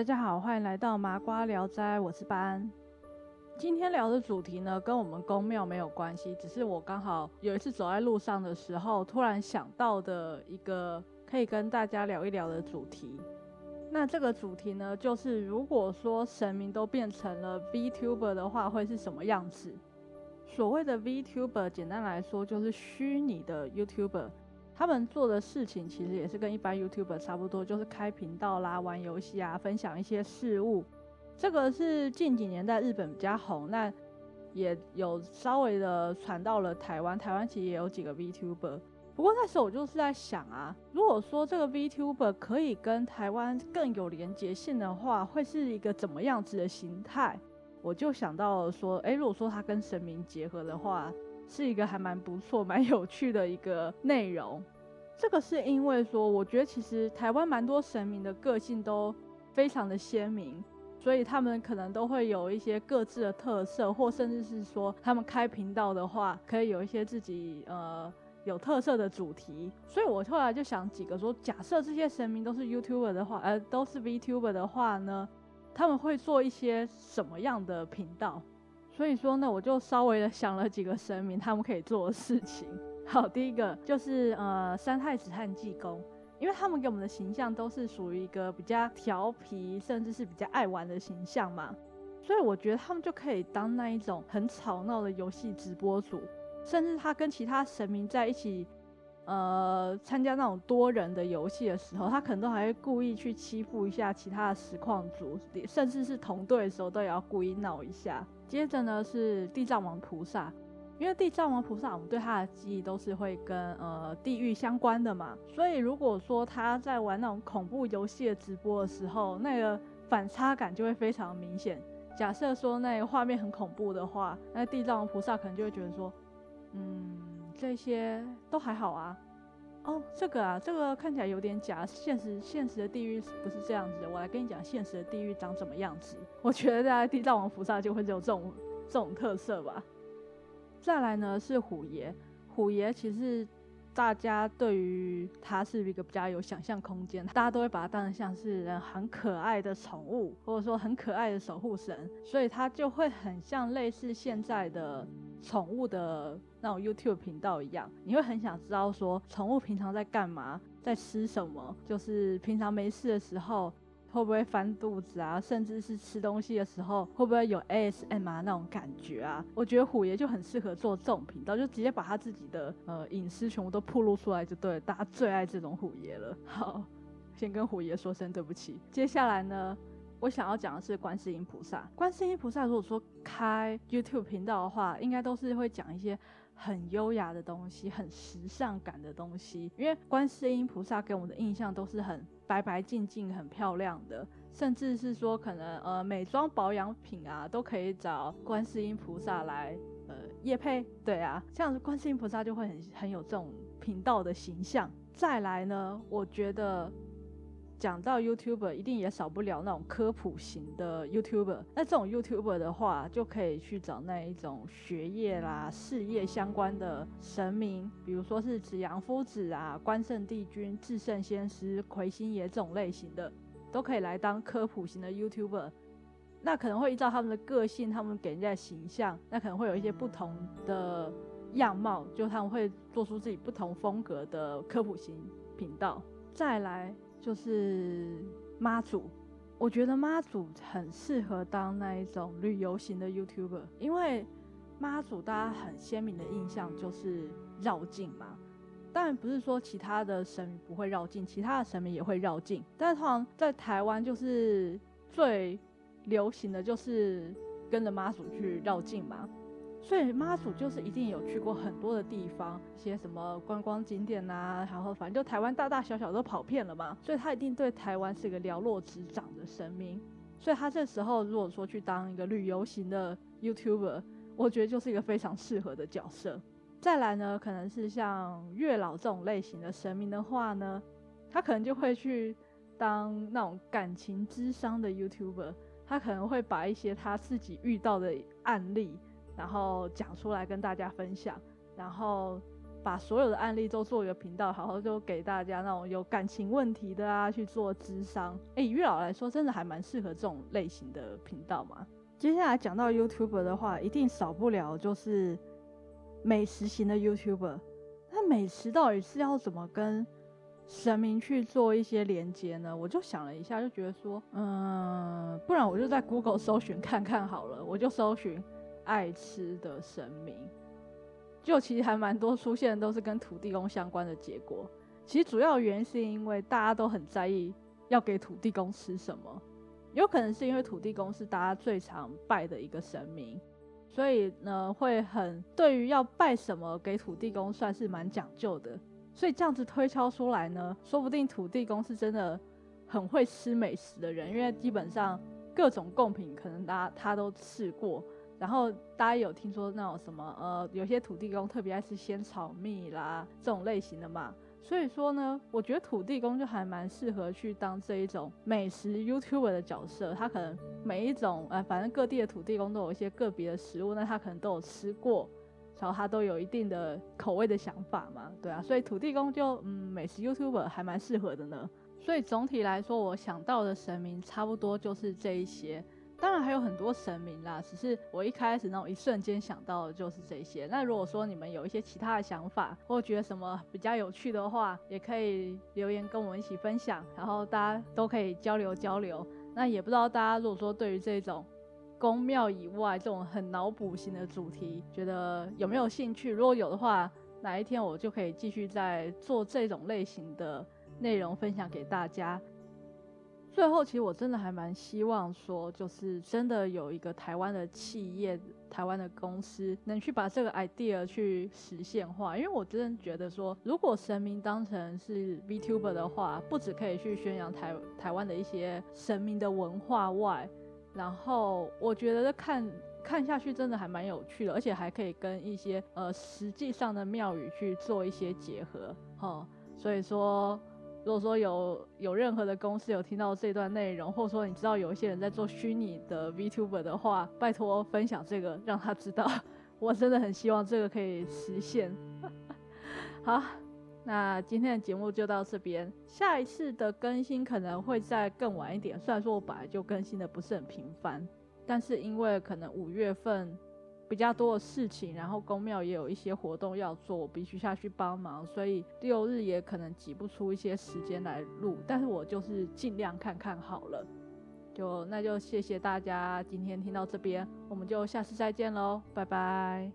大家好，歡迎來到《麻瓜聊齋》，我是班安。今天聊的主題呢，跟我們宮廟沒有關係，只是我剛好有一次走在路上的時候，突然想到的一個可以跟大家聊一聊的主題。那這個主題呢，就是如果說神明都變成了 VTuber 的話，會是什麼樣子？所謂的 VTuber，簡單來說，就是虛擬的 YouTuber。他們做的事情其實也是跟一般 YouTuber 差不多，就是開頻道啦、玩遊戲啊、分享一些事物。這個是近幾年在日本比較紅，那也有稍微的傳到了台灣。台灣其實也有幾個 VTuber，不過那時候我就是在想啊，如果說這個 VTuber 可以跟台灣更有連接性的話，會是一個怎麼樣子的形態？我就想到了說，誒，如果說他跟神明結合的話。是一個還蠻不錯、蠻有趣的一個內容。這個是因為說，我覺得其實台灣蠻多神明的個性都非常的鮮明，所以他們可能都會有一些各自的特色，或甚至是說他們開頻道的話，可以有一些自己呃有特色的主題。所以我後來就想幾個說，假設這些神明都是 YouTuber 的話，呃，都是 Vtuber 的話呢，他們會做一些什麼樣的頻道？所以說呢，我就稍微的想了幾個神明，他們可以做的事情。好，第一個就是呃，三太子和濟公，因為他們給我們的形象都是屬於一個比較調皮，甚至是比較愛玩的形象嘛，所以我覺得他們就可以當那一種很吵鬧的遊戲直播組，甚至他跟其他神明在一起。呃，參加那種多人的遊戲的時候，他可能都還會故意去欺負一下其他的實況主，甚至是同隊的時候都也要故意鬧一下。接着呢是地藏王菩薩，因為地藏王菩薩，我們對他的記憶都是會跟呃地獄相關的嘛，所以如果說他在玩那種恐怖遊戲的直播的時候，那個反差感就會非常明顯。假設說那個畫面很恐怖的話，那地藏王菩薩可能就會覺得說，嗯。這些都還好啊，哦，這個啊，這個看起來有點假，現實現實的地獄不是這樣子的。我來跟你講現實的地獄長什麼樣子？我覺得在、啊、地藏王菩薩就會有這種這種特色吧。再來呢是虎爺，虎爺其實大家對於他是一個比較有想象空間，大家都會把它當成像是人很可愛的寵物，或者說很可愛的守護神，所以他就會很像類似現在的。寵物的那種 YouTube 頻道一樣，你會很想知道說寵物平常在幹嘛，在吃什麼，就是平常沒事的時候會不會翻肚子啊，甚至是吃東西的時候會不會有 ASMR 那種感覺啊。我覺得虎爺就很適合做這種頻道，就直接把他自己的呃隱私全部都暴露出來就對了，大家最愛這種虎爺了。好，先跟虎爺說聲對不起，接下來呢？我想要講的是觀世音菩薩。觀世音菩薩，如果說開 YouTube 頻道的話，應該都是會講一些很優雅的東西、很時尚感的東西。因為觀世音菩薩給我的印象都是很白白淨淨、很漂亮的，甚至是說可能呃美妝保養品啊，都可以找觀世音菩薩來呃業配。對啊，這樣子觀世音菩薩就會很很有這種頻道的形象。再來呢，我覺得。講到 YouTuber，一定也少不了那種科普型的 YouTuber。那這種 YouTuber 的話，就可以去找那一種學業啦、事業相關的神明，比如說是紫陽夫子啊、關聖帝君、至聖先師、魁星爺這種類型的，都可以來當科普型的 YouTuber。那可能會依照他們的個性，他們給人家的形象，那可能會有一些不同的樣貌，就他們會做出自己不同風格的科普型頻道。再來。就是媽祖，我覺得媽祖很適合當那一種旅遊型的 YouTuber，因為媽祖大家很鮮明的印象就是繞境嘛，當然不是說其他的神不會繞境，其他的神明也會繞境，但是通常在台灣就是最流行的就是跟着媽祖去繞境嘛。所以媽祖就是一定有去過很多的地方，一些什麼觀光景點啊，然後反正就台灣大大小小都跑遍了嘛，所以他一定對台灣是一個瞭若指掌的神明。所以他這時候如果說去當一個旅遊型的 YouTuber，我覺得就是一個非常適合的角色。再來呢，可能是像月老這種類型的神明的話呢，他可能就會去當那種感情諮商的 YouTuber，他可能會把一些他自己遇到的案例。然後講出來跟大家分享，然後把所有的案例都做一個頻道，好好就給大家那種有感情問題的啊去做諮商。誒，月老來說，真的還蠻適合這種類型的頻道嘛。接下來講到 YouTuber 的話，一定少不了就是美食型的 YouTuber。那美食到底是要怎麼跟神明去做一些連接呢？我就想了一下，就覺得說，嗯，不然我就在 Google 搜尋看看好了，我就搜尋。愛吃的神明，就其實還蠻多出現的，都是跟土地公相關的結果。其實主要原因是因為大家都很在意要給土地公吃什麼，有可能是因為土地公是大家最常拜的一個神明，所以呢，會很對於要拜什麼給土地公算是蠻講究的。所以這樣子推敲出來呢，說不定土地公是真的很會吃美食的人，因為基本上各種貢品可能他他都試過。然後大家有聽說那種什麼呃，有些土地公特別愛吃仙草蜜啦，這種類型的嘛，所以說呢，我覺得土地公就還蠻適合去當這一種美食 YouTuber 的角色。他可能每一種呃，反正各地的土地公都有一些個別的食物，那他可能都有吃過，然後他都有一定的口味的想法嘛，對啊，所以土地公就嗯，美食 YouTuber 還蠻適合的呢。所以總體來說，我想到的神明差不多就是這一些。當然還有很多神明啦，只是我一開始那種一瞬間想到的就是這些。那如果說你們有一些其他的想法，或者覺得什麼比較有趣的話，也可以留言跟我們一起分享，然後大家都可以交流交流。那也不知道大家如果說對於這種宮廟以外這種很腦補型的主題，覺得有沒有興趣？如果有的話，哪一天我就可以繼續再做這種類型的內容分享給大家。最後，其實我真的還蠻希望說，就是真的有一個台灣的企業、台灣的公司，能去把這個 idea 去實現化。因為我真的覺得說，如果神明當成是 Vtuber 的話，不只可以去宣揚台台灣的一些神明的文化外，然後我覺得看看下去真的還蠻有趣的，而且還可以跟一些呃實際上的廟宇去做一些結合。哈、嗯，所以說。如果說有有任何的公司有聽到這段內容，或者說你知道有一些人在做虛擬的 VTuber 的話，拜托分享這個，讓他知道，我真的很希望這個可以實現。 好，那今天的節目就到這邊，下一次的更新可能會再更晚一點，雖然說我本來就更新的不是很頻繁，但是因為可能五月份。比較多的事情，然後宮廟也有一些活動要做，我必須下去幫忙，所以六日也可能擠不出一些時間來錄，但是我就是盡量看看好了。就那就謝謝大家今天聽到這邊，我們就下次再見嘍，拜拜。